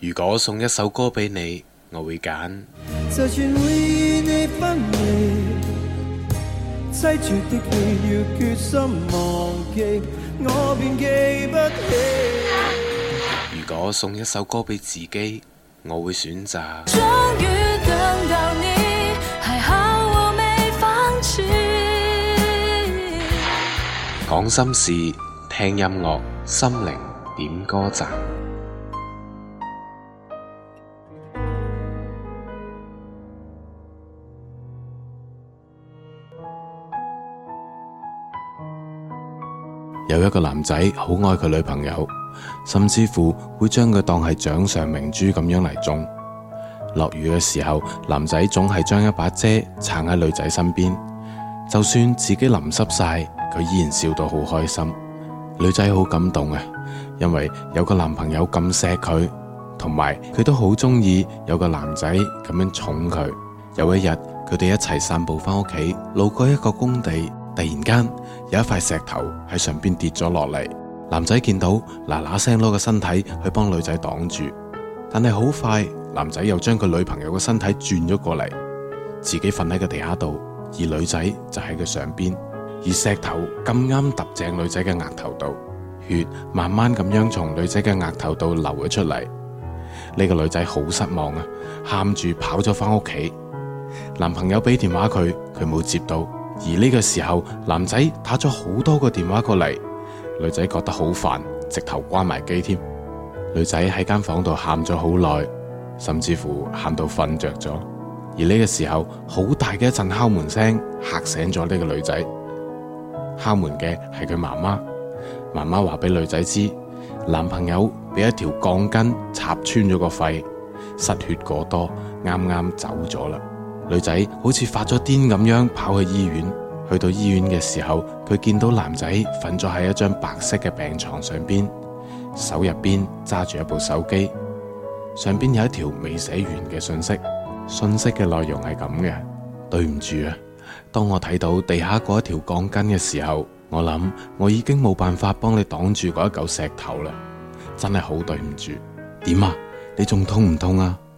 如果送一首歌畀你，我會揀。如果送一首歌畀自己，我會選擇。終於等到你，還好我沒放棄。講心事，聽音樂，心靈點歌站有一個男仔好愛佢女朋友，甚至乎會將佢當係掌上明珠咁樣嚟種。落雨嘅時候，男仔總係將一把遮撐喺女仔身邊，就算自己淋濕晒，佢依然笑到好開心。女仔好感動啊，因為有個男朋友咁錫佢，同埋佢都好中意有個男仔咁樣寵佢。有一日，佢哋一齊散步返屋企，路過一個工地。突然間有一塊石頭喺上邊跌咗落嚟，男仔見到嗱嗱聲攞個身體去幫女仔擋住，但係好快男仔又將佢女朋友嘅身體轉咗過嚟，自己瞓喺個地下度，而女仔就喺佢上邊，而石頭咁啱揼正女仔嘅額頭度，血慢慢咁樣從女仔嘅額頭度流咗出嚟，呢、這個女仔好失望啊，喊住跑咗返屋企，男朋友俾電話佢，佢冇接到。而呢個時候，男仔打咗好多個電話過嚟，女仔覺得好煩，直頭關埋機添。女仔喺間房度喊咗好耐，甚至乎喊到瞓着咗。而呢個時候，好大嘅一陣敲門聲嚇醒咗呢個女仔。敲門嘅係佢媽媽，媽媽話俾女仔知，男朋友俾一條鋼筋插穿咗個肺，失血過多，啱啱走咗啦。女仔好似發咗癲咁樣跑去醫院，去到醫院嘅時候，佢見到男仔瞓咗喺一張白色嘅病床上邊，手入邊揸住一部手機，上邊有一條未寫完嘅信息，信息嘅內容係咁嘅，對唔住啊，當我睇到地下嗰一條鋼筋嘅時候，我諗我已經冇辦法幫你擋住嗰一嚿石頭啦，真係好對唔住。點啊？你仲痛唔痛啊？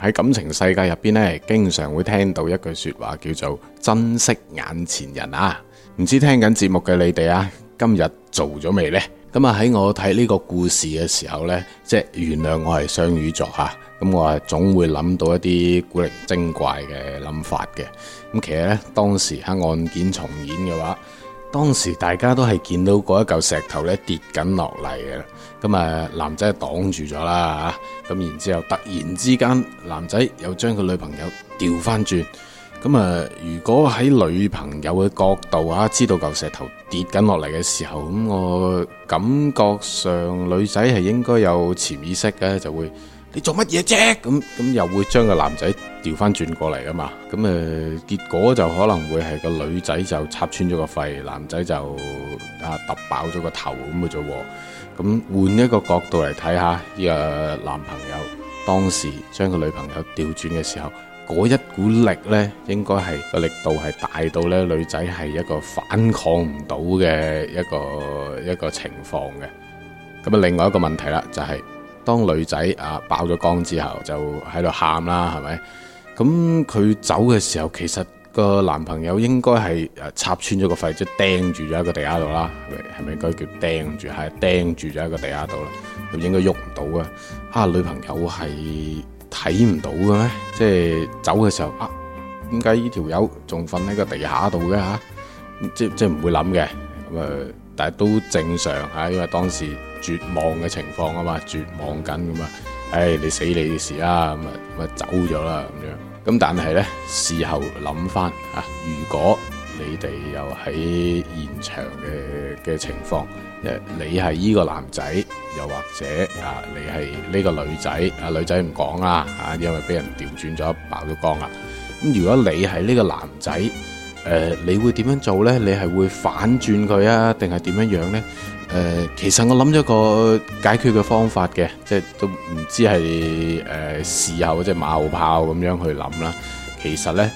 喺感情世界入邊咧，經常會聽到一句說話叫做珍惜眼前人啊！唔知聽緊節目嘅你哋啊，今日做咗未呢？咁啊喺我睇呢個故事嘅時候呢，即係原諒我係雙魚座吓，咁我係總會諗到一啲古靈精怪嘅諗法嘅。咁其實呢，當時喺案件重演嘅話。當時大家都係見到嗰一嚿石頭咧跌緊落嚟嘅，咁啊男仔擋住咗啦吓，咁然之後突然之間男仔又將佢女朋友調翻轉，咁啊如果喺女朋友嘅角度啊，知道嚿石頭跌緊落嚟嘅時候，咁我感覺上女仔係應該有潛意識嘅就會。你做乜嘢啫？咁咁又會將個男仔調翻轉過嚟啊嘛？咁誒、呃，結果就可能會係個女仔就插穿咗個肺，男仔就啊揼爆咗個頭咁嘅啫。咁換一個角度嚟睇下，呢、這個男朋友當時將個女朋友調轉嘅時候，嗰一股力呢應該係個力度係大到呢，女仔係一個反抗唔到嘅一個一個情況嘅。咁啊，另外一個問題啦，就係、是。當女仔啊爆咗光之後就在那裡了，就喺度喊啦，係咪？咁佢走嘅時候，其實個男朋友應該係誒插穿咗個肺，即係釘住咗喺個地下度啦，係咪？係咪應該叫釘住？係釘住咗喺個地下度啦，咁應該喐唔到噶。啊，女朋友係睇唔到嘅咩？即係走嘅時候啊，點解呢條友仲瞓喺個地下度嘅吓？即係唔會諗嘅。咁、嗯、但係都正常吓，因為當時。絕望嘅情況啊嘛，絕望緊咁嘛。唉、哎，你死你嘅事啦，咁啊，咪走咗啦咁樣。咁但係咧，事後諗翻啊，如果你哋又喺現場嘅嘅情況，誒，你係依個男仔，又或者啊，你係呢個女仔啊？女仔唔講啊，啊，因為俾人調轉咗，爆咗光啦。咁如果你係呢個男仔，誒，你會點樣做咧？你係會反轉佢啊，定係點樣樣咧？誒、呃，其實我諗咗個解決嘅方法嘅，即係都唔知係誒、呃、事後即係馬後炮咁樣去諗啦。其實呢，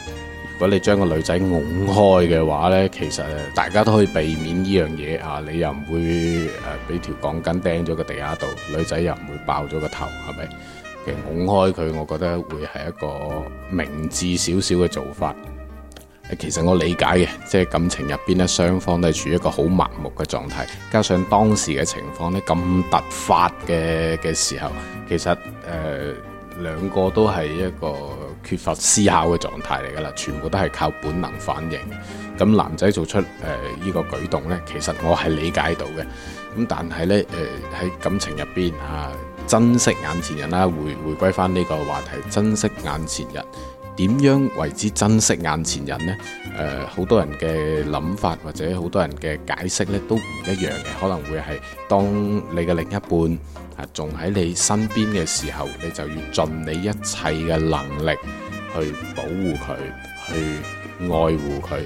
如果你將個女仔㧬開嘅話呢，其實大家都可以避免呢樣嘢啊。你又唔會誒俾、啊、條鋼筋釘咗個地下度，女仔又唔會爆咗個頭，係咪？其實㧬開佢，我覺得會係一個明智少少嘅做法。其實我理解嘅，即係感情入邊咧，雙方都係處於一個好盲目嘅狀態，加上當時嘅情況咧，咁突發嘅嘅時候，其實誒、呃、兩個都係一個缺乏思考嘅狀態嚟噶啦，全部都係靠本能反應。咁男仔做出誒呢、呃呢個舉動呢，其實我係理解到嘅。咁但係呢，誒、呃、喺感情入邊啊，珍惜眼前人啦，回回歸翻呢個話題，珍惜眼前人。點樣為之珍惜眼前人呢？誒、呃，好多人嘅諗法或者好多人嘅解釋咧，都唔一樣嘅。可能會係當你嘅另一半啊，仲喺你身邊嘅時候，你就要盡你一切嘅能力去保護佢，去愛護佢。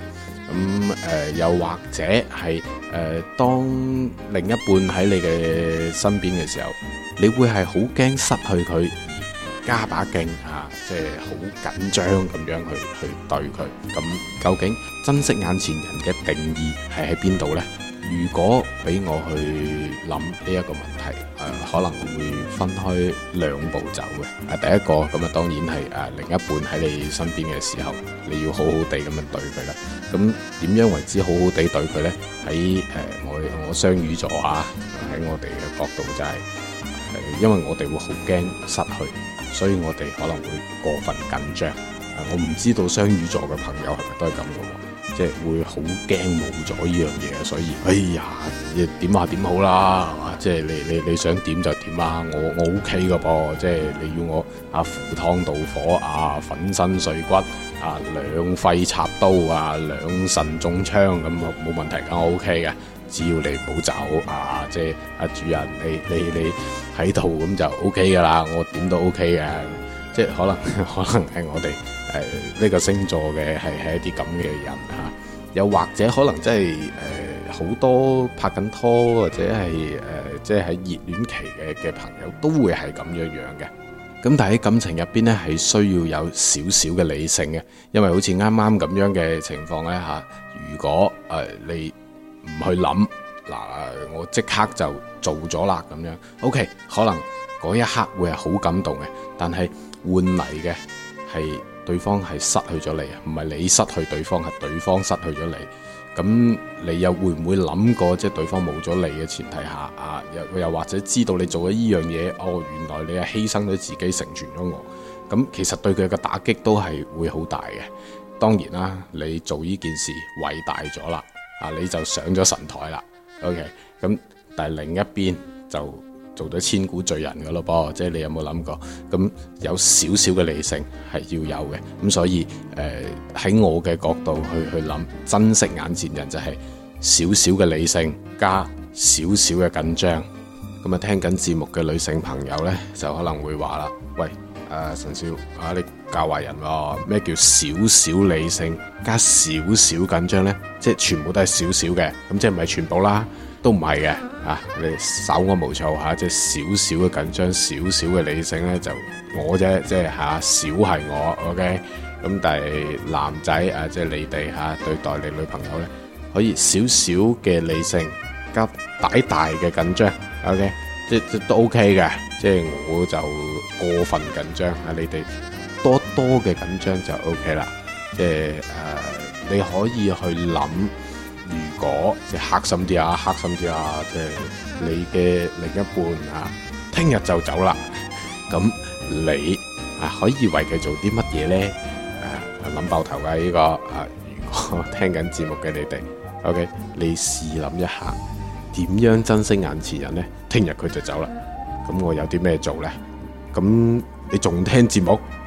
咁、嗯呃、又或者係誒、呃，當另一半喺你嘅身邊嘅時候，你會係好驚失去佢。加把勁嚇，即係好緊張咁樣去去對佢。咁究竟珍惜眼前人嘅定義係喺邊度呢？如果俾我去諗呢一個問題、誒，可能會分開兩步走嘅、啊。第一個咁啊，當然係誒另一半喺你身邊嘅時候，你要好好地咁樣對佢啦。咁點樣為之好好地對佢呢？喺、誒、我我雙魚座嚇，喺我哋嘅角度就係、誒、因為我哋會好驚失去。所以我哋可能會過分緊張、啊。我唔知道雙魚座嘅朋友係咪都係咁嘅喎，即、啊、係、就是、會好驚冇咗呢樣嘢，所以哎呀，你點話點好啦？即、啊、係、就是、你你你想點就點啦、啊，我我 OK 嘅噃。即、啊、係、就是、你要我啊赴湯蹈火啊粉身碎骨啊兩肺插刀啊兩腎中槍咁啊，冇問題嘅，我 OK 嘅。啊 OK 只要你唔好走啊，即係阿主人，你你你喺度咁就 OK 噶啦，我點都 OK 嘅。即係可能可能係我哋誒呢個星座嘅係係一啲咁嘅人吓、啊，又或者可能真係誒好多拍緊拖或者係誒即係喺熱戀期嘅嘅朋友都會係咁樣樣嘅。咁但係喺感情入邊咧係需要有少少嘅理性嘅，因為好似啱啱咁樣嘅情況咧吓，如果誒、呃、你。唔去諗嗱，啊，我即刻就做咗啦咁樣，OK，可能嗰一刻會係好感動嘅，但係換嚟嘅係對方係失去咗你啊，唔係你失去對方，係對方失去咗你。咁你又會唔會諗過，即係對方冇咗你嘅前提下啊？又又或者知道你做咗呢樣嘢，哦，原來你係犧牲咗自己成全咗我，咁其實對佢嘅打擊都係會好大嘅。當然啦，你做呢件事偉大咗啦。啊！你就上咗神台啦，OK？咁但係另一邊就做咗千古罪人噶咯噃，即係你有冇諗過？咁有少少嘅理性係要有嘅，咁所以誒喺我嘅角度去去諗，珍惜眼前人就係少少嘅理性加少少嘅緊張。咁啊，聽緊節目嘅女性朋友呢，就可能會話啦：喂，啊，陳少啊，你教壞人喎？咩叫少少理性加少少緊張咧？即係全部都係少少嘅，咁即係唔係全部啦，都唔係嘅吓。你稍安勿躁吓，即係少少嘅緊張，少少嘅理性咧就我啫，即係吓少係我，OK。咁但係男仔啊，即係，okay？啊，你哋吓，啊，對待你女朋友咧，可以少少嘅理性加大大嘅緊張，OK，即即都 OK 嘅。即係我就過分緊張吓你哋。多多嘅緊張就 OK 啦，即係誒，你可以去諗，如果即係黑心啲啊，黑心啲啊，即係你嘅另一半啊，聽日就走啦，咁你啊可以為佢做啲乜嘢咧？誒諗爆頭嘅呢個誒，如果聽緊節目嘅你哋 OK，你試諗一下點樣珍惜眼前人咧？聽日佢就走啦，咁我有啲咩做咧？咁你仲聽節目？